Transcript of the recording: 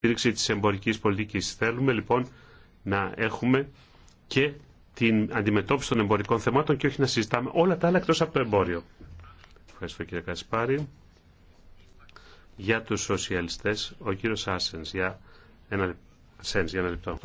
στήριξη της εμπορικής πολιτικής. Θέλουμε λοιπόν να έχουμε και την αντιμετώπιση των εμπορικών θεμάτων και όχι να συζητάμε όλα τα άλλα εκτός από το εμπόριο. Ευχαριστώ κύριε Κασπάρη. Για τους σοσιαλιστές, ο κύριος Άσενς, για ένα, για ένα λεπτό.